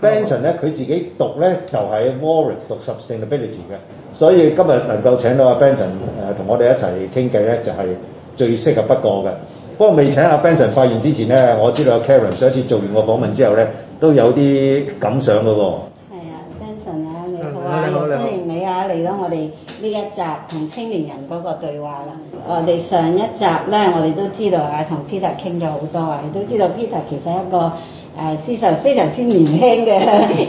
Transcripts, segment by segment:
Benson 咧，佢自己讀咧就係 Warwick 讀 sustainability 嘅，所以今日能夠請到阿 Benson 誒、呃、同我哋一齊傾偈咧，就係、是、最適合不過嘅。不過未請阿 Benson 發言之前咧，我知道阿 Karen 上一次做完個訪問之後咧，都有啲感想嘅喎。係啊 Benson 啊，Benson, 你好啊，你好。你好。嚟到我哋呢一集同青年人嗰個對話啦。我哋上一集咧，我哋都知道啊，同 Peter 傾咗好多啊。亦都知道 Peter 其實一個誒思想非常之年輕嘅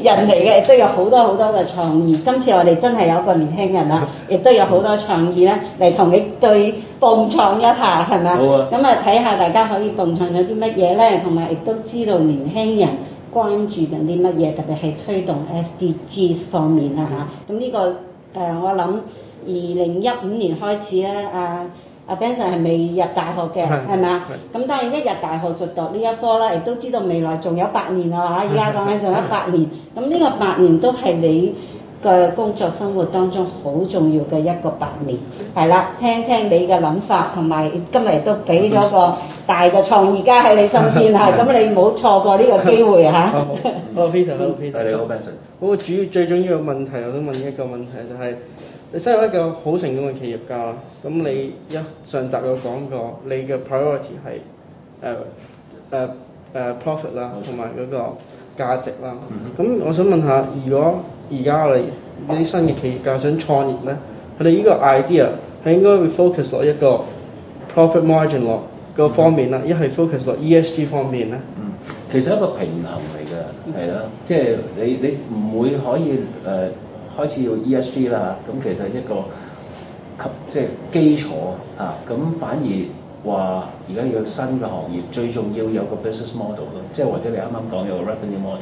人嚟嘅，亦都有好多好多嘅創意。今次我哋真係有一個年輕人啊，亦都有好多創意咧，嚟同你對碰撞一下，係咪？好啊！咁啊，睇下大家可以碰撞咗啲乜嘢咧，同埋亦都知道年輕人關注緊啲乜嘢，特別係推動 SDGs 方面啦、啊、嚇。咁、嗯、呢、這個。誒、呃，我諗二零一五年開始咧，阿、啊、阿、啊、Benjamin 係未入大學嘅，係咪啊？咁當然一入大學就讀呢一科啦，亦都知道未來仲有八年啊！嚇，而家講緊仲有八年，咁呢 個八年都係你嘅工作生活當中好重要嘅一個版面，係啦，聽聽你嘅諗法，同埋今日都俾咗個大嘅創意家喺你身邊 啊，咁你唔好錯過呢個機會嚇。好 Peter，你好主要最重要嘅問題，我都問一個問題就係、是，你真係一個好成功嘅企業家，咁你一上集有講過，你嘅 priority 係誒誒、uh, 誒、uh, uh, profit 啦，同埋嗰個價值啦，咁我想問下，如果而家你嗰啲新嘅企業家想創業咧，佢哋呢個 idea，佢應該會 focus 落一個 profit margin 落個方面啦，一係、嗯、focus 落 ESG 方面咧。嗯，其實一個平衡嚟嘅，係啦、嗯，即係你你唔會可以誒、呃、開始要 ESG 啦，咁其實一個吸即係基礎啊，咁反而話而家要新嘅行業，最重要有個 business model 咯，即係或者你啱啱講有個 revenue model。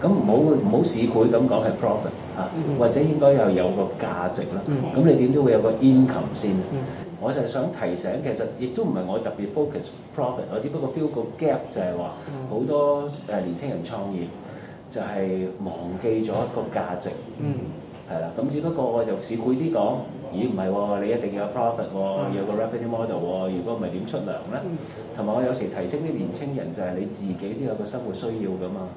咁唔好唔好市儈咁講係 profit 嚇、啊，或者應該又有個價值啦。咁你點都會有個 income 先。嗯、我就係想提醒，其實亦都唔係我特別 focus profit，我只不過 feel 個 gap 就係話好多誒、呃、年輕人創業就係忘記咗一個價值。係啦、嗯，咁只不過我就市儈啲講，咦唔係喎，你一定要有 profit 喎、哦，有個 revenue model 喎、哦，如果唔係點出糧咧？同埋、嗯、我有時提醒啲年輕人就係你自己都有個生活需要㗎嘛。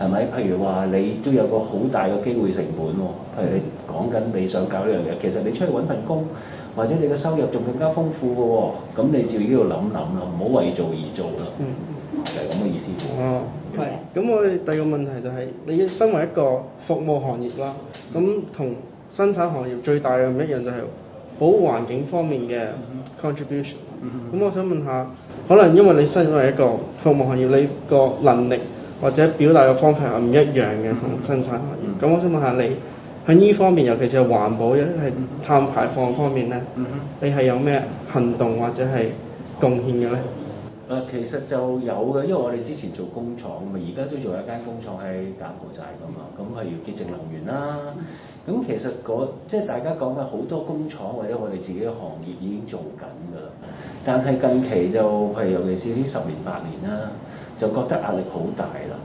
係咪？譬如話你都有個好大嘅機會成本喎、哦。譬如你講緊你想搞呢樣嘢，其實你出去揾份工，或者你嘅收入仲更加豐富嘅喎、哦。咁你就依度諗諗啦，唔好為做而做啦。就係咁嘅意思。哦、啊，係。咁、嗯、我哋第二個問題就係、是，你身為一個服務行業啦，咁同生產行業最大嘅唔一樣就係保護環境方面嘅 contribution。嗯咁、嗯、我想問下，可能因為你身為一個服務行業，你個能力？或者表達嘅方法係唔一樣嘅，同生產行業。咁、嗯嗯、我想問下你喺呢方面，尤其是係環保一係碳排放方面咧，嗯嗯、你係有咩行動或者係貢獻嘅咧？其實就有嘅，因為我哋之前做工廠，咪而家都做一間工廠喺柬埔寨㗎嘛。咁係要節能源啦。咁其實即係大家講嘅好多工廠或者我哋自己嘅行業已經做緊㗎啦。但係近期就係尤其是呢十年八年啦。就覺得壓力好大啦。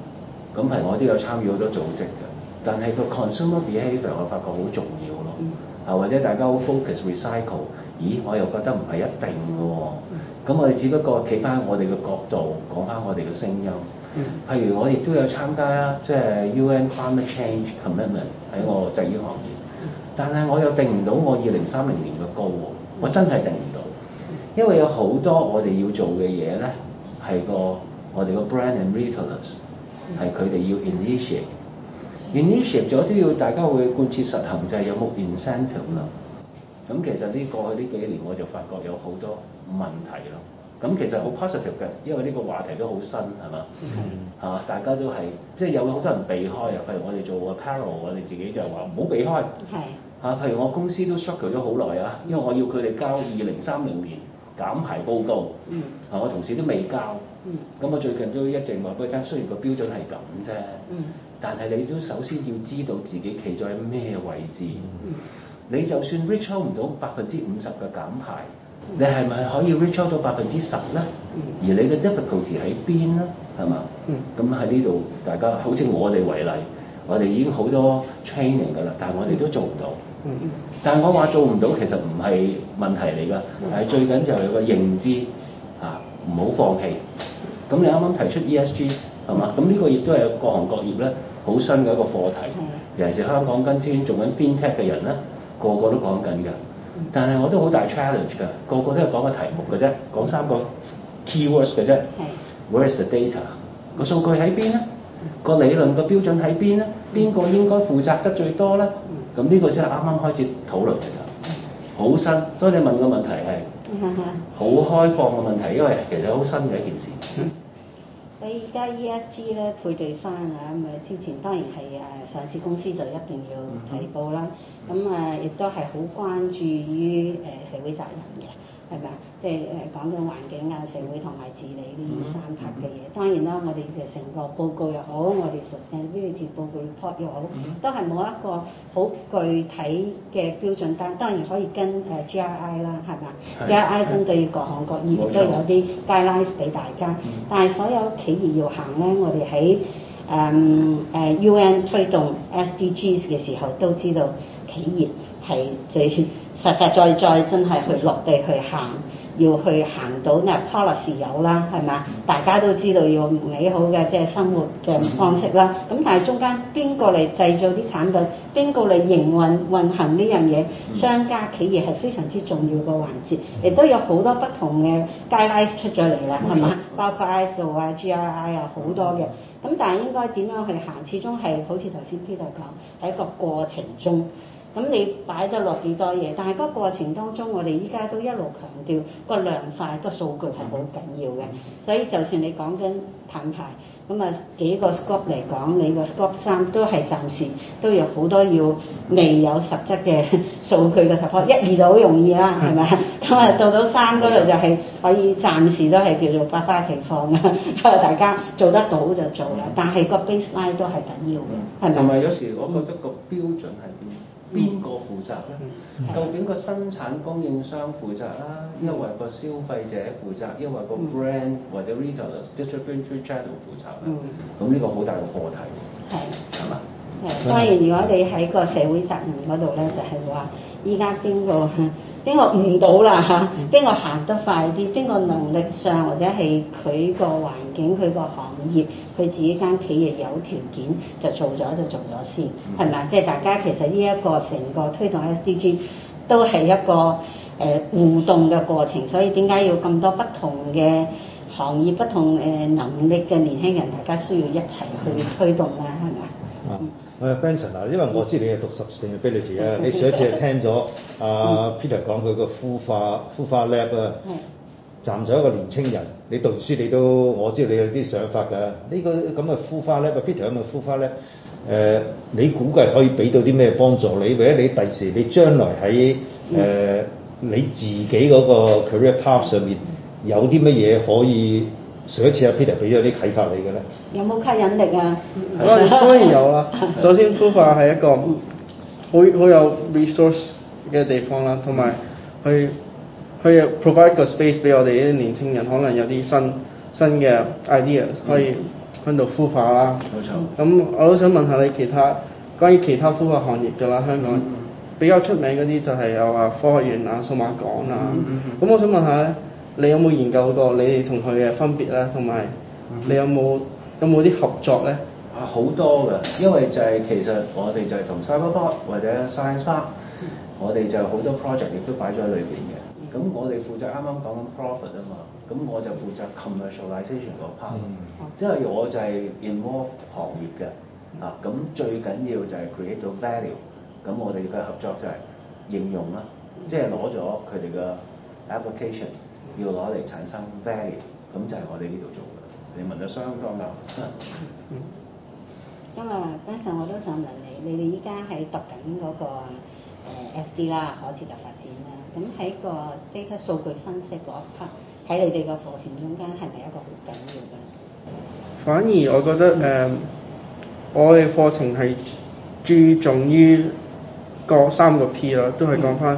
咁譬如我都有參與好多組織嘅，但係個 consumer behavior 我發覺好重要咯。啊，或者大家好 focus recycle，咦？我又覺得唔係一定嘅喎。咁我哋只不過企翻我哋嘅角度，講翻我哋嘅聲音。譬如我亦都有參加，即係 U.N. climate change commitment 喺我製衣行業，但係我又定唔到我二零三零年嘅高喎。我真係定唔到，因為有好多我哋要做嘅嘢咧係個。我哋個 brand and retailers 係佢哋要 initiate，initiate 咗都要大家會貫徹實行，就係、有冇 incentive 咁咯。咁、嗯、其實呢過去呢幾年我就發覺有好多問題咯。咁其實好 positive 嘅，因為呢個話題都好新係嘛，係嘛、嗯啊、大家都係即係有好多人避開啊。譬如我哋做 apparel 我哋自己就話唔好避開。係、嗯、啊，譬如我公司都 struggle 咗好耐啊，因為我要佢哋交二零三零年減排報告，啊、嗯，我同事都未交，咁、嗯、我最近都一直話嗰間，雖然個標準係咁啫，嗯、但係你都首先要知道自己企咗喺咩位置，嗯、你就算 reach out 唔到百分之五十嘅減排，嗯、你係咪可以 reach out 到百分之十咧？呢嗯、而你嘅 difficulty 喺邊咧？係嘛？咁喺呢度大家，好似我哋為例，我哋已經好多 training 㗎啦，但係我哋都做唔到。嗯但係我話做唔到其實唔係問題嚟㗎，但係最緊就係個認知嚇，唔、啊、好放棄。咁你啱啱提出 ESG 係嘛？咁呢個亦都係有各行各業咧好新嘅一個課題。尤其是香港跟住做緊 Fintech 嘅人咧，個個都講緊㗎。但係我都好大 challenge 㗎，個個都係講個題目㗎啫，講三個 keywords 嘅啫。Where is the data？個數據喺邊咧？個理論個標準喺邊咧？邊個應該負責得最多咧？咁呢個先係啱啱開始討論嘅啫，好新，所以你問個問題係好開放嘅問題，因為其實好新嘅一件事。嗯、所以而家 ESG 咧配對翻啊，咁啊之前當然係誒上市公司就一定要提報啦，咁啊亦都係好關注於誒社會責任嘅。係咪即係誒講緊環境啊、社會同埋治理呢三級嘅嘢。當然啦，我哋嘅成個報告又好，我哋誒呢條報告 report 又好，都係冇一個好具體嘅標準單。但當然可以跟誒、呃、GRI 啦，係咪是 GRI 針對各行各業都有啲 guidelines 俾大家。嗯、但係所有企業要行咧，我哋喺誒誒 UN 推動 SDGs 嘅時候，都知道企業係最實實在在真係去落地去行，要去行到呢個 policy 有啦，係嘛？大家都知道要美好嘅即係生活嘅方式啦。咁但係中間邊個嚟製造啲產品，邊個嚟營運運，運行呢樣嘢？商家企業係非常之重要個環節，亦都有好多不同嘅 guidelines 出咗嚟啦，係嘛？Okay. 包括 ISO 啊、GRI 啊好多嘅。咁但係應該點樣去行？始終係好似頭先 Peter 講，喺個過程中。咁你擺得落幾多嘢？但係嗰過程當中，我哋依家都一路強調個量化、個數據係好緊要嘅。所以就算你講緊品牌，咁啊幾個 scope 嚟講，你個 scope 三都係暫時都有好多要未有實質嘅數據嘅 support。一、二就好容易啦，係咪啊？咁啊的、嗯、到到三嗰度就係可以暫時都係叫做百花齊放嘅。因為大家做得到就做啦，但係個 baseline 都係緊要嘅，係咪？同埋有時我覺得個標準係邊個負責咧？究竟個生產供應商負責啦，因為個消費者負責，因為個 brand 或者 retail distribution channel 負責咧？咁呢個好大嘅課題，係係嘛？ 當然，如果你喺個社會責任嗰度咧，就係話依家邊個邊個唔到啦嚇，邊個行得快啲，邊個能力上或者係佢個環境、佢個行業、佢自己間企業有條件就做咗就做咗先，係咪？即係大家其實呢一個成個推動 SDG 都係一個誒互動嘅過程，所以點解要咁多不同嘅行業、不同誒能力嘅年輕人，大家需要一齊去推動啊？誒 Benson 啊，因為我知你係讀 sustainability 啊，hmm. 你上一次係聽咗阿、啊、Peter 講佢個孵化孵化 lab 啊，站咗一個年青人。你讀完書你都我知道你有啲想法㗎。呢、這個咁嘅孵化 lab，Peter 咁嘅孵化 lab？誒、mm hmm. 呃，你估計可以俾到啲咩幫助你？或者你第時你將來喺誒、呃、你自己嗰個 career path 上面有啲乜嘢可以？上一次阿 Peter 俾咗啲啟發你嘅咧，有冇吸引力啊？ 當然有啦。首先孵化係一個好，好有 resource 嘅地方啦，同埋去去 provide 個 space 俾我哋啲年青人，可能有啲新新嘅 idea 可以喺度孵化啦。冇錯、嗯。咁我都想問下你其他關於其他孵化行業嘅啦，香港比較出名嗰啲就係有話科學園啊、數碼港啊。咁、嗯嗯嗯、我想問下咧。你有冇研究過你同佢嘅分別啦，同埋你有冇有冇啲合作咧？啊，好多㗎，因為就係其實我哋就係同 Cyberport 或者 Science Park、嗯、我哋就好多 project 亦都擺咗喺裏邊嘅。咁我哋負責啱啱講 profit 啊嘛，咁我就負責 commercialization 個 part，即係我就係 involve 行業嘅。啊，咁最緊要就係 create 到 value，咁我哋嘅合作就係應用啦，即係攞咗佢哋嘅 application。要攞嚟產生 value，咁就係我哋呢度做嘅。你問得相當啱。因為嗰陣我都想問你，你哋依家喺讀緊、那、嗰個、呃、f S D 啦、啊，可持續發展啦，咁喺個即刻數據分析嗰一 part，喺你哋嘅課程中間係咪一個好緊要嘅？反而我覺得誒、嗯嗯，我哋課程係注重於個三個 P 咯，都係講返。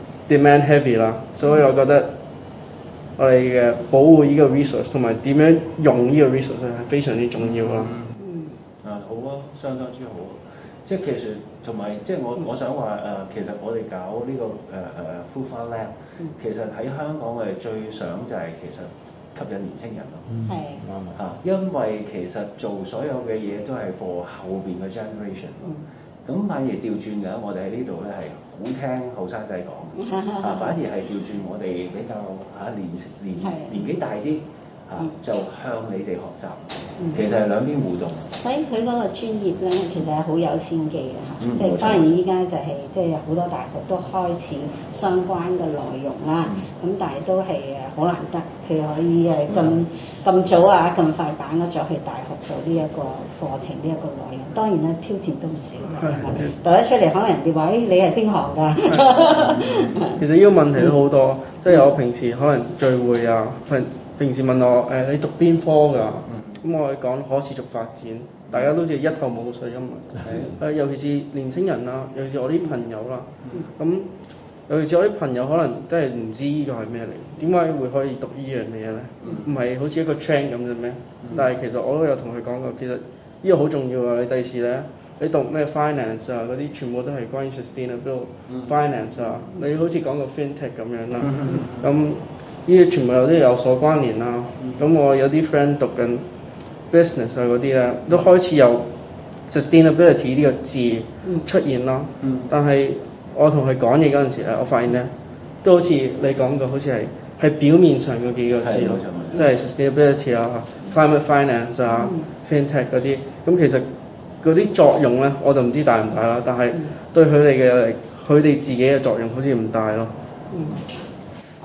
Demand heavy 啦、so 嗯，所以我覺得我哋嘅保護呢個 resource 同埋點樣用呢個 resource 係非常之重要咯、嗯。嗯啊好啊，相當之好。即係其實同埋即係我、嗯、我想話誒、呃，其實我哋搞呢、這個誒誒 full fun lab，其實喺香港我哋最想就係其實吸引年青人咯。係啱啊嚇，因為其實做所有嘅嘢都係為後邊嘅 generation。嗯，咁萬一調轉嘅我哋喺呢度咧係。好聽，後生仔講啊，反而係調轉，我哋比較嚇年年 年，年紀大啲。就向你哋學習，其實係兩邊互動。所以佢嗰個專業咧，其實係好有先機嘅嚇，即係當然依家就係，即係好多大學都開始相關嘅內容啦。咁但係都係誒好難得，佢可以係咁咁早啊咁快揀得咗去大學做呢一個課程、呢一個內容。當然咧挑戰都唔少嘅，第一出嚟可能人哋話誒，你係邊行㗎？其實呢個問題都好多，即係我平時可能聚會啊，平時問我誒、欸、你讀邊科㗎？咁、嗯嗯嗯、我係講可持續發展，大家都似一頭霧水咁啊！誒、欸，尤其是年輕人啦，尤其是我啲朋友啦，咁、嗯、尤其是我啲朋友可能真係唔知呢個係咩嚟，點解會可以讀呢樣嘢咧？唔係好似一個 trend 咁啫咩？但係其實我都有同佢講過，其實呢個好重要啊！你第時咧，你讀咩 finance 啊？嗰啲全部都係關於 sustainable、嗯、finance 啊！你好似講個 fintech 咁樣啦、啊，咁、嗯。 呢啲全部有啲有所關聯啦，咁、嗯、我有啲 friend 讀緊 business 啊嗰啲咧，都開始有 sustainability 呢、嗯、個字出現啦。嗯、但係我同佢講嘢嗰陣時咧，我發現咧都好似你講嘅，好似係喺表面上嗰幾個字，嗯嗯、即係 sustainability 啊、uh, uh, 嗯、climate finance 啊、FinTech 嗰啲。咁其實嗰啲作用咧，我就唔知大唔大啦。但係對佢哋嘅佢哋自己嘅作用好，好似唔大咯。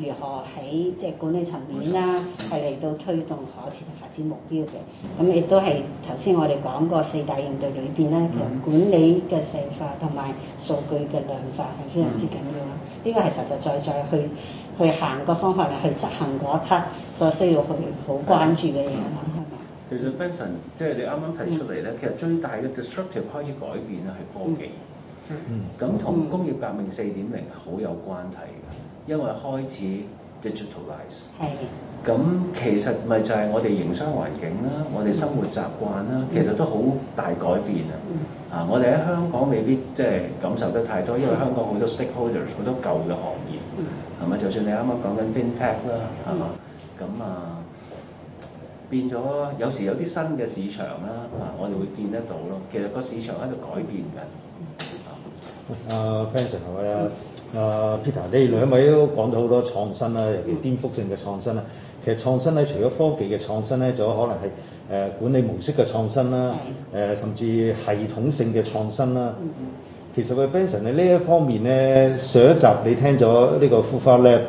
如何喺即係管理層面啦，係嚟、嗯、到推動可持續發展目標嘅，咁亦都係頭先我哋講過四大應對裏邊咧，其、嗯、管理嘅細化同埋數據嘅量化係非常之緊要啦。呢個係實實在在，在去去行個方法嚟去執行嗰一 part 所需要去好關注嘅嘢啦。嗯、吧其實 Benjamin，即係你啱啱提出嚟咧，嗯、其實最大嘅 disruptive 開始改變咧係科技，咁同工業革命四點零好有關係。因為開始 digitalize 係的，咁其實咪就係我哋營商環境啦，我哋生活習慣啦，嗯、其實都好大改變啊。嗯、啊，我哋喺香港未必即係感受得太多，因為香港好多 stakeholders，好多舊嘅行業，係咪、嗯？就算你啱啱講緊 FinTech 啦、嗯，係嘛？咁啊，變咗有時有啲新嘅市場啦，啊，我哋會見得到咯。其實個市場喺度改變緊。啊 p a n 好啊。嗯嗯嗯啊，uh，Peter，你兩位都講咗好多創新啦，尤其顛覆性嘅創新啦。其實創新咧，除咗科技嘅創新咧，仲有可能係誒管理模式嘅創新啦，誒甚至系統性嘅創新啦。其實喂 Benson，你呢一方面咧，上一集你聽咗呢個孵化 Lab，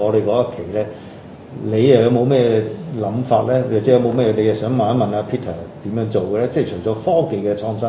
我哋嗰一期咧，你又有冇咩諗法咧？或者有冇咩你又想問一問阿 Peter 點樣做嘅咧？即係除咗科技嘅創新。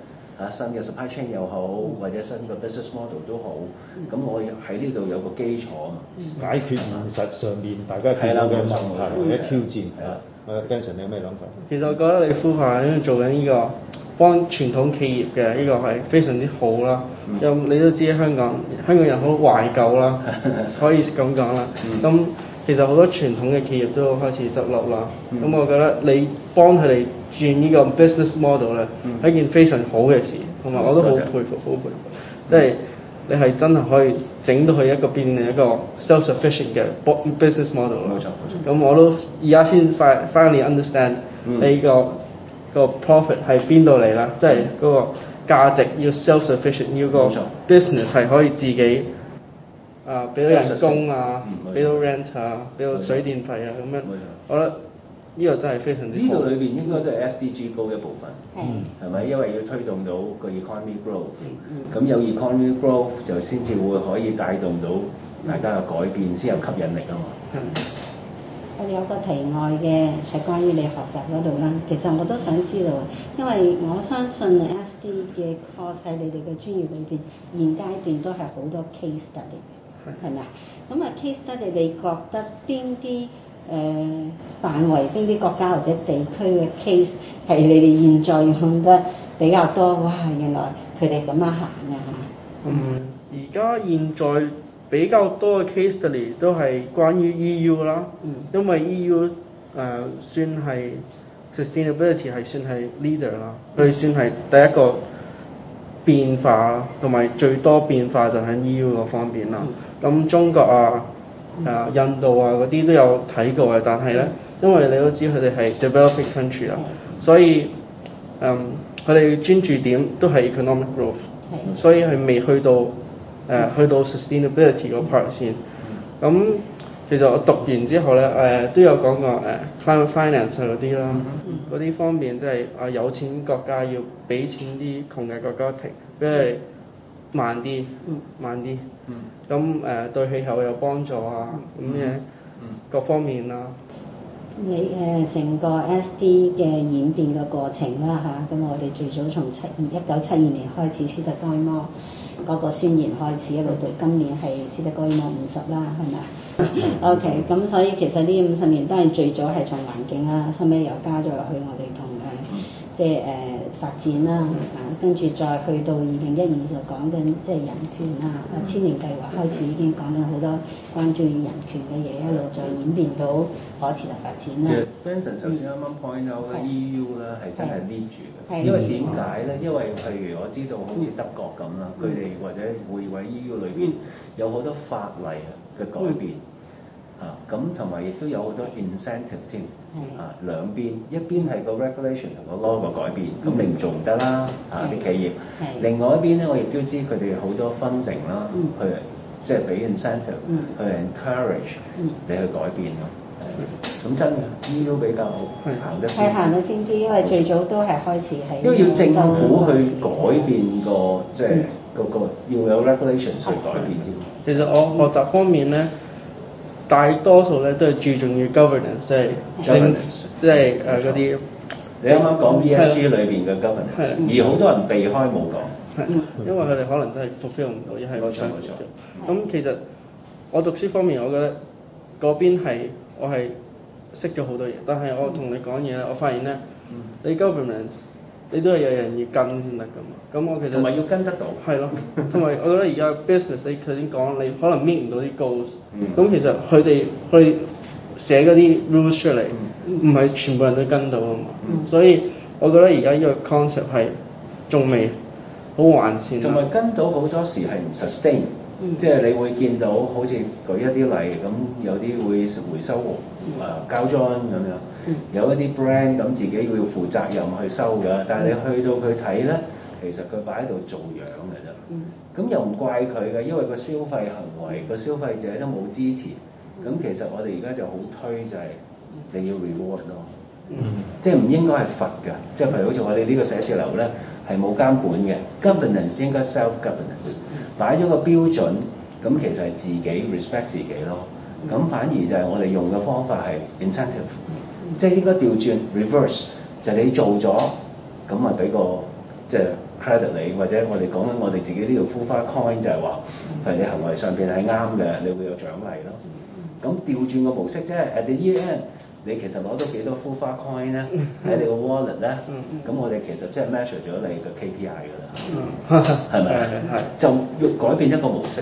新嘅 supply chain 又好，或者新嘅 business model 都好，咁我喺呢度有個基礎，啊嘛，解決現實上面吧大家睇到嘅問題或者挑戰。啊，有 Benson 你有咩諗法？其實我覺得你孵化做緊、這、呢個幫傳統企業嘅呢、這個係非常之好啦。又、嗯、你都知香港香港人好懷舊啦， 可以咁講啦。咁、嗯嗯其實好多傳統嘅企業都開始執笠啦，咁、嗯、我覺得你幫佢哋轉個呢個 business model 咧，係、嗯、一件非常好嘅事，同埋、嗯、我都好佩服，好、嗯、佩服，即係、嗯、你係真係可以整到佢一個變成一個 self-sufficient 嘅 business、嗯嗯、model 啦。冇咁我都而家先 finally understand、嗯、你個、嗰個 profit 喺邊度嚟啦，即係嗰個價值要 self-sufficient，要個 business 係可以自己。啊！俾到人工啊，俾到 rent 啊，俾到水電費啊咁樣，我覺得呢個真係非常之高。呢度裏邊應該都係 SDG 高一部分，係咪、嗯？因為要推動到個 economy growth 咁、嗯、有 economy growth 就先至會可以帶動到大家嘅改變，先有吸引力啊嘛。嗯、我哋有個題外嘅係關於你學習嗰度啦。其實我都想知道，因為我相信 SD 你 SD 嘅 course 喺你哋嘅專業裏邊，現階段都係好多 case study。係咪咁啊，case study 你覺得邊啲誒範圍邊啲國家或者地區嘅 case 係你哋現在用得比較多？哇！原來佢哋咁樣行啊！嗯，而家現在比較多嘅 case 都係關於 E U 啦。嗯，因為 E U 誒、呃、算係 sustainability 係算係 leader 啦，佢算係第一個變化同埋最多變化就係 E U 個方面啦。嗯咁中國啊、啊印度啊嗰啲都有睇過嘅，但係咧，因為你都知佢哋係 developing country 啦，所以嗯佢哋專注點都係 economic growth，所以係未去到誒、啊、去到 sustainability 嗰 part 先。咁其實我讀完之後咧，誒、呃、都有講過誒、啊、climate finance 嗰啲啦，嗰啲方面即係啊有錢國家要俾錢啲窮嘅國家停，因為慢啲，慢啲，咁誒、嗯呃、對氣候有幫助啊，咁嘅、嗯、各方面啦、啊。你誒成、呃、個 SD 嘅演變嘅過程啦嚇，咁、啊、我哋最早從七一九七二年，年開始，斯德哥爾摩嗰個宣言開始一路到今年係斯德哥爾摩五十啦，係咪？OK 咁所以其實呢五十年都係最早係從環境啦，收、啊、尾又加咗落去我哋同誒即係誒。呃發展啦、啊，跟住再去到二零一二就講緊即係人權啦、啊，千年計劃開始已經講緊好多關注於人權嘅嘢，一路的再演變到可持續發展啦、啊。Fenton 首先啱啱 point out 咧，EU 咧係真係 lead 住嘅，因為點解咧？的因為譬如我知道好似德國咁啦，佢哋、嗯、或者每一位 EU 裏邊有好多法例嘅改變。嗯嗯啊，咁同埋亦都有好多 incentive 添，啊，兩邊一邊係個 regulation 同 law 嗰個改變，咁你唔做唔得啦，啊啲企業。係。另外一邊咧，我亦都知佢哋好多 funding 啦，去即係俾 incentive，去 encourage 你去改變咯。咁真嘅，呢都比較好行得。係行得先啲，因為最早都係開始喺因為要政府去改變個即係嗰個要有 regulation 去改變先。其實我學習方面咧。大多數咧都係注重於 governance，govern 正即係即係誒嗰啲。錯呃、你啱啱講 ESG 裏邊嘅 governance，而好多人避開冇講，因為佢哋可能真係 feel 唔到，一係冇錯。咁、嗯、其實我讀書方面，我覺得嗰邊係我係識咗好多嘢，但係我同你講嘢咧，我發現咧，嗯、你 governance。你都係有人要跟先得噶嘛？咁我其實咪要跟得到，係 咯。同埋我覺得而家 business 你頭先講，你可能 meet 唔到啲 goals、嗯。咁其實佢哋去寫嗰啲 rule 出嚟，唔係、嗯、全部人都跟到啊嘛。嗯、所以我覺得而家呢個 concept 係仲未好完善。同埋跟到好多時係唔 sustain、嗯、即係你會見到好似舉一啲例咁，有啲會回收誒、嗯、膠裝咁樣，嗯、有一啲 brand 咁自己要負責任去收嘅。但係你去到佢睇咧，其實佢擺喺度做樣嘅啫。咁又唔怪佢嘅，因為個消費行為個、嗯、消費者都冇支持。咁其實我哋而家就好推就係你要 reward 咯、嗯，即係唔應該係罰㗎。即係譬如好似我哋呢個寫字樓咧，係冇監管嘅。Governance 應該 self governance，擺咗個標準，咁其實係自己 respect 自己咯。咁反而就係我哋用嘅方法係 incentive，即係應該調轉 reverse，就你做咗咁啊俾個即係、就是、credit 你，或者我哋講緊我哋自己呢度孵化 coin 就係話，譬如你行為上邊係啱嘅，你會有獎勵咯。咁調轉個模式，即係 at the end，你其實攞到幾多孵化 coin 咧？喺、mm hmm. 你個 wallet 咧？咁、mm hmm. 我哋其實即係 measure 咗你個 KPI 㗎啦，係咪、mm？係、hmm. 係，mm hmm. 就要改變一個模式。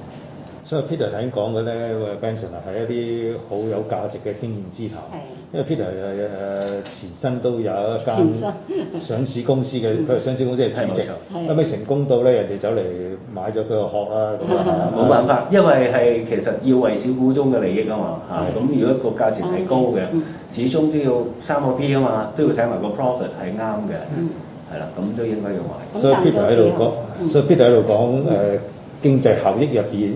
所以 Peter 頭先講嘅咧，佢嘅 Benjamin 係一啲好有價值嘅經驗之談。因為 Peter 係誒前身都有一間上市公司嘅，佢係上市公司嘅主席。後尾成功到咧，人哋走嚟買咗佢個殼啦？咁冇辦法，因為係其實要為小股東嘅利益啊嘛嚇。咁如果個價錢係高嘅，始終都要三個 P 啊嘛，都要睇埋個 profit 係啱嘅。係啦，咁都應該要買。所以 Peter 喺度講，所以 Peter 喺度講誒。經濟效益入邊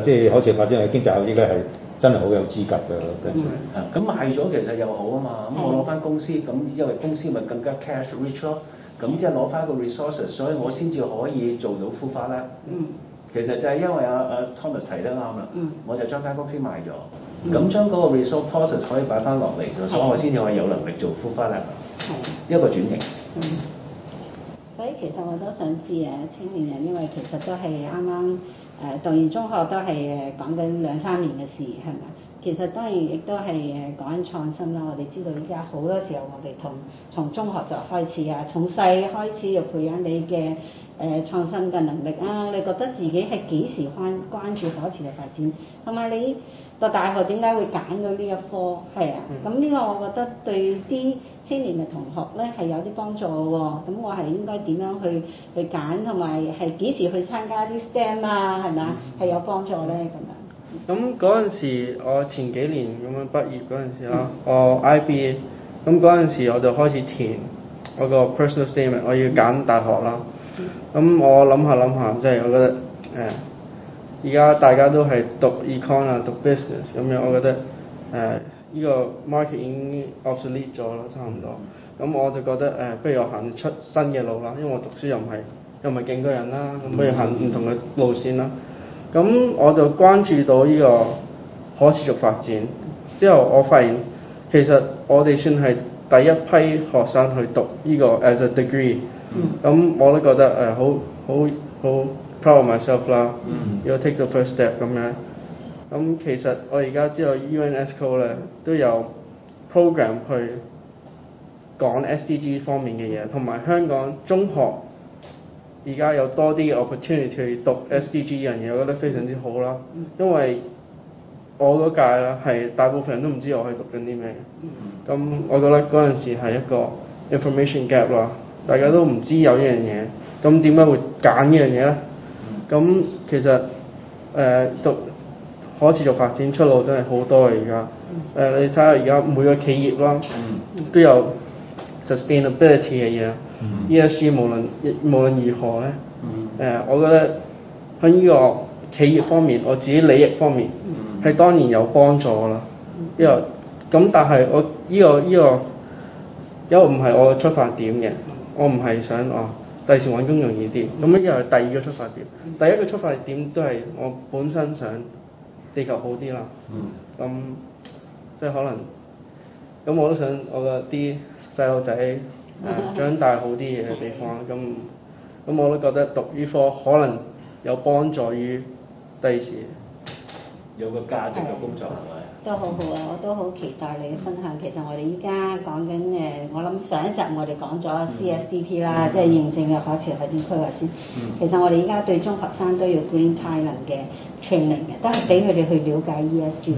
誒誒，即係好似發展經濟效益咧，係真係好有資格㗎嗰陣咁賣咗其實又、mm hmm. 好啊嘛。咁、mm hmm. 我攞翻公司，咁因為公司咪更加 cash rich 咯、mm。咁、hmm. 即係攞翻個 resources，所以我先至可以做到孵化啦。嗯、mm，hmm. 其實就係因為阿、啊、阿、啊、Thomas 提得啱啦。嗯、mm，hmm. 我就將間公司賣咗，咁將嗰個 resource process 可以擺翻落嚟啫，所以我先至可以有能力做孵化啦。係、mm hmm. 一個轉型。嗯。所以其實我都想知啊，青年人，因為其實都係啱啱誒讀完中學都係誒講緊兩三年嘅事，係咪？其實當然亦都係誒講緊創新啦，我哋知道依家好多時候我哋同從中學就開始啊，從細開始就培養你嘅誒、呃、創新嘅能力啊。你覺得自己係幾時關關注嗰次嘅發展，同埋你讀大學點解會揀咗呢一科係啊？咁呢、mm hmm. 個我覺得對啲青年嘅同學咧係有啲幫助喎。咁我係應該點樣去去揀同埋係幾時去參加啲 STEM 啊？係咪啊？係、mm hmm. 有幫助咧咁啊？咁嗰陣時，我前幾年咁樣畢業嗰陣時啦，嗯、我 IB，咁嗰陣時我就開始填我個 personal statement，我要揀大學啦。咁、嗯、我諗下諗下，即、就、係、是、我覺得誒，而、呃、家大家都係讀 econ 啊，讀 business 咁樣，我覺得誒呢、呃這個 market 已經 obsolete 咗咯，差唔多。咁我就覺得誒、呃，不如我行出新嘅路啦，因為我讀書又唔係又唔係勁多人啦，咁不如行唔同嘅路線啦。嗯嗯。咁我就關注到呢個可持續發展，之後我發現其實我哋算係第一批學生去讀呢個 as a degree，咁我都覺得誒好好好 proud of myself 啦，要 take the first step 咁樣。咁其實我而家知道 UNESCO 咧都有 program 去講 SDG 方面嘅嘢，同埋香港中學。而家有多啲嘅 opportunity 讀 SDG，呢樣嘢，我覺得非常之好啦，因為我嗰屆啦，係大部分人都唔知我喺讀緊啲咩，咁我覺得嗰陣時係一個 information gap 咯，大家都唔知有呢樣嘢，咁點解會揀呢樣嘢呢？咁其實誒、呃、讀可持續發展出路真係好多啊！而家誒你睇下而家每個企業啦，都有 sustainability 嘅嘢。ESG 無論無論如何咧，誒、嗯呃，我覺得喺呢個企業方面，我自己利益方面，係、嗯、當然有幫助啦。呢個咁，但係我呢、這個呢、這個因為唔係我嘅出發點嘅，我唔係想哦，第時揾工容易啲。咁呢個係第二個出發點，嗯、第一個出發點都係我本身想地球好啲啦。咁即係可能，咁我都想我嘅啲細路仔。誒長、 啊、大好啲嘢嘅地方，咁咁 Okay.、嗯、我都覺得讀醫科可能有幫助於第時有個價值嘅工作係咪？ 都好好啊！我都好期待你嘅分享。其實我哋依家講緊誒，我諗上一集我哋講咗 CSDP 啦、嗯，即係認證嘅課程喺邊區啊先。其實我哋依家對中學生都要 Green Talent 嘅 training 嘅，都係俾佢哋去了解 ESG。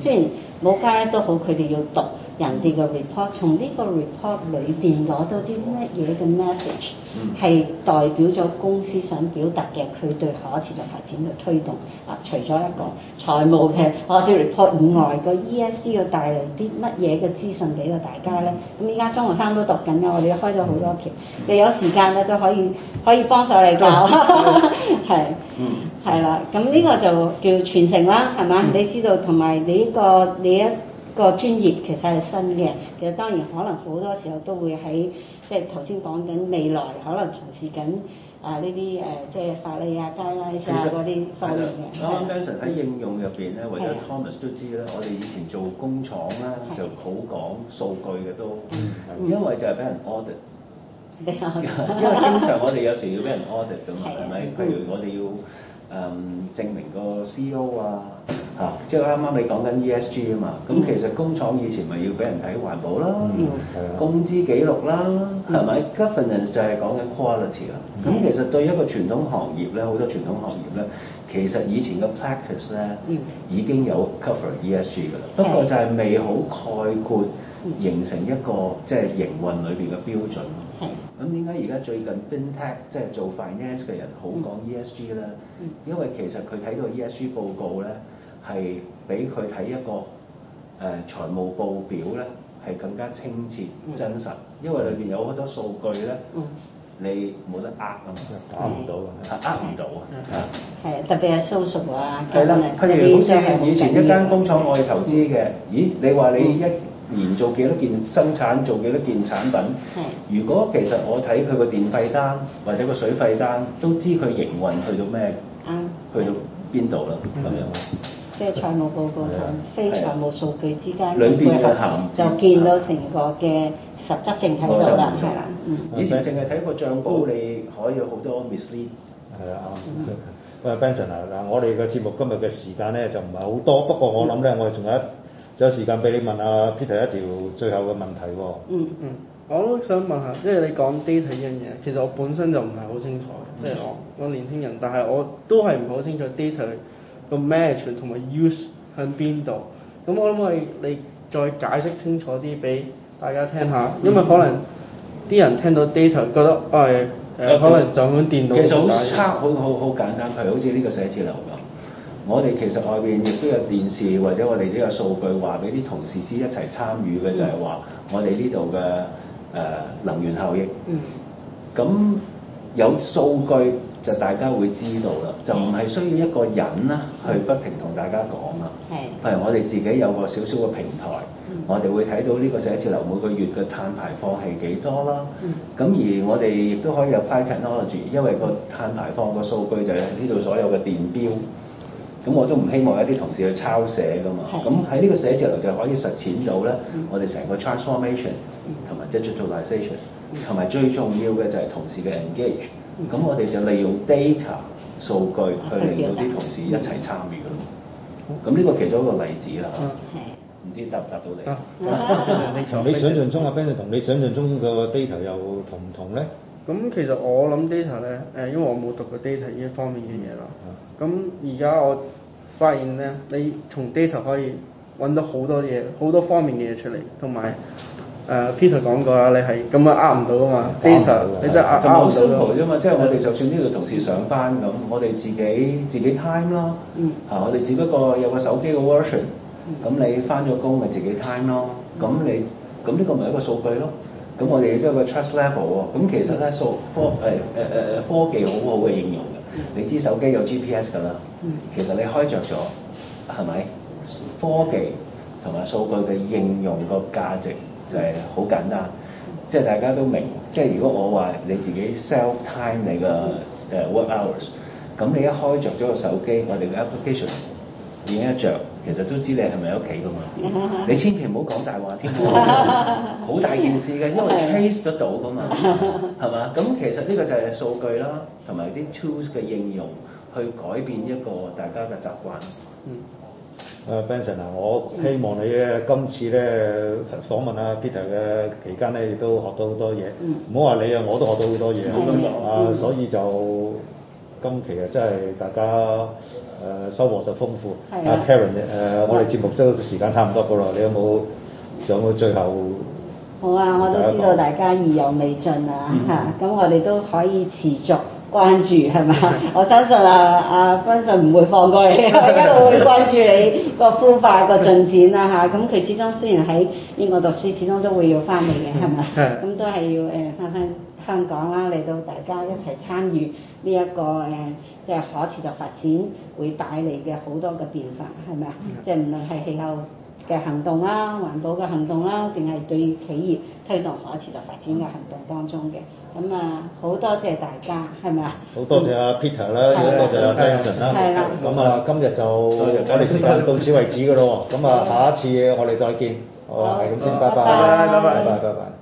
雖然冇加都好，佢哋要讀。人哋嘅 report，從呢個 report 裏邊攞到啲乜嘢嘅 message，係、嗯、代表咗公司想表達嘅佢對可持續發展嘅推動。啊，除咗一個財務嘅可持續 report 以外，嗯、個 E S G 要帶嚟啲乜嘢嘅資訊俾到大家咧？咁依家中學生都讀緊㗎，我哋都開咗好多期，你有時間咧都可以可以幫手。嚟教，係，係啦。咁呢個就叫傳承啦，係嘛？嗯、你知道同埋你呢、這個你一，個專業其實係新嘅，其實當然可能好多時候都會喺即係頭先講緊未來，可能從事緊啊呢啲誒即係法例啊、街規啊嗰啲方面嘅。啱啱 mention 喺應用入邊咧，或者 Thomas 都知啦，我哋以前做工廠啦就好講數據嘅都，因為就係俾人 audit。人 Aud 因為經常我哋有時要俾人 audit 㗎嘛，係 咪樂？是，是，是，譬如我哋要誒、呃、證明個 CEO 啊。嚇，即係啱啱你講緊 ESG 啊嘛，咁其實工廠以前咪要俾人睇環保啦，係工資記錄啦，係咪？Governance 就係講緊 quality 啦。咁其實對一個傳統行業咧，好多傳統行業咧，其實以前嘅 practice 咧，已經有 cover ESG 㗎啦。不過就係未好概括，形成一個即係營運裏邊嘅標準咯。咁點解而家最近 FinTech 即係做 finance 嘅人好講 ESG 咧？因為其實佢睇到 ESG 報告咧。係俾佢睇一個誒、呃、財務報表咧，係更加清澈真實，因為裏邊有好多數據咧，嗯、你冇得呃啊，講唔到啊，呃唔到啊，係特別係數數啊，係啦，譬如好似以前一間工廠我去投資嘅，嗯、咦，你話你一年做幾多件生產，做幾多件產品，嗯、如果其實我睇佢個電費單或者個水費單，都知佢營運去到咩，去到邊度啦咁樣。即係財務報告同非財務數據之間嘅配合，就見到成個嘅實質性喺度啦，係啦，嗯。以前淨係睇個賬簿，你可以有好多 mislead。啊，Benjamin 啊，嗱，我哋嘅節目今日嘅時間咧就唔係好多，不過我諗咧，嗯、我仲有一仲有時間俾你問阿 Peter 一條最後嘅問題喎、哦。嗯嗯，我都想問下，即係你講 data 呢樣嘢，其實我本身就唔係好清楚，即係、嗯、我我年輕人，但係我都係唔好清楚 data。個 match n 同埋 use 向邊度？咁我諗可以你再解釋清楚啲俾大家聽下，因為可能啲人聽到 data 覺得係誒，哎呃、實可能就咁電腦。其實好差，好好好簡單，係好似呢個寫字樓㗎。我哋其實外邊亦都有電視，或者我哋都有數據話俾啲同事知一齊參與嘅就係、是、話，我哋呢度嘅誒能源效益。嗯。咁有數據。就大家會知道啦，就唔係需要一個人啦，去不停同大家講啦。係。譬如我哋自己有個少少嘅平台，嗯、我哋會睇到呢個寫字樓每個月嘅碳排放係幾多啦。咁、嗯、而我哋亦都可以有 Py technology，因為個碳排放個數據就係呢度所有嘅電表。咁我都唔希望有啲同事去抄寫噶嘛。咁喺呢個寫字樓就可以實踐到咧、嗯。我哋成個 transformation，同埋 digitalization，同埋最重要嘅就係同事嘅 engage、嗯。咁我哋就利用 data 數據去令到啲同事一齊參與咯。咁呢、啊、個其中一個例子啦。嗯、啊，唔知答唔答到你？你想象中阿 Ben 同你想象中個 data 又同唔同咧？咁其實我諗 data 咧，誒，因為我冇讀過 data 呢一方面嘅嘢啦。啊。咁而家我發現咧，你從 data 可以揾到好多嘢，好多方面嘅嘢出嚟，同埋。誒、uh, Peter 講過 Peter, 啊，你係咁啊，呃唔到啊嘛，Peter，你真呃呃唔到咯。就冇數據啫嘛，即係我哋就算呢個同事上班咁，嗯、我哋自己自己 time 咯，嚇、嗯啊、我哋只不過有個手機嘅 version，咁你翻咗工咪自己 time 咯，咁、嗯、你咁呢個咪一個數據咯，咁、嗯、我哋都有個 trust level 喎，咁其實咧數科誒誒誒誒科技好好嘅應用㗎，嗯、你知手機有 G P S 噶啦、嗯，其實你開着咗係咪？科技同埋數據嘅應用個價值。就係好簡單，即係大家都明。即係如果我話你自己 self time 你個、uh, work hours，咁你一開着咗個手機，我哋個 application 已經一着，其實都知你係咪喺屋企噶嘛。你千祈唔好講大話添，好 大件事嘅，因為 trace 得到噶嘛，係嘛？咁其實呢個就係數據啦，同埋啲 tools 嘅應用去改變一個大家嘅習慣。嗯。誒 Benjamin 啊，Benson，我希望你咧今次咧訪問啊 Peter 嘅期間咧亦都學到好多嘢，唔好話你啊，我都學到好多嘢啊，嗯、所以就今期啊真係大家誒收穫就豐富。啊 Karen 誒，我哋節目都係時間差唔多嘅啦，你有冇上到最後？好啊，我都知道大家意猶未盡啊，嚇、嗯哼，咁我哋都可以持續關注係嘛？我相信啊阿 Vinson 唔會放過你，一路會關注你個孵化個進展啦嚇。咁、啊、佢始終雖然喺英國讀書，始終都會要翻嚟嘅係咪？咁都係要誒翻翻香港啦，嚟到大家一齊參與呢、這、一個誒，即、呃、係、就是、可持續發展會帶嚟嘅好多嘅變化係咪啊？即係唔論係氣候嘅行動啦、啊，環保嘅行動啦、啊，定係對企業推動可持續發展嘅行動當中嘅，咁啊好多謝大家，係咪啊？好多謝阿 Peter 啦，亦都多謝阿 Benjamin 啦，咁啊今日就我哋時間到此為止嘅咯，咁啊下一次我哋再見，係嘅，好，係咁先，拜拜，拜拜，拜拜。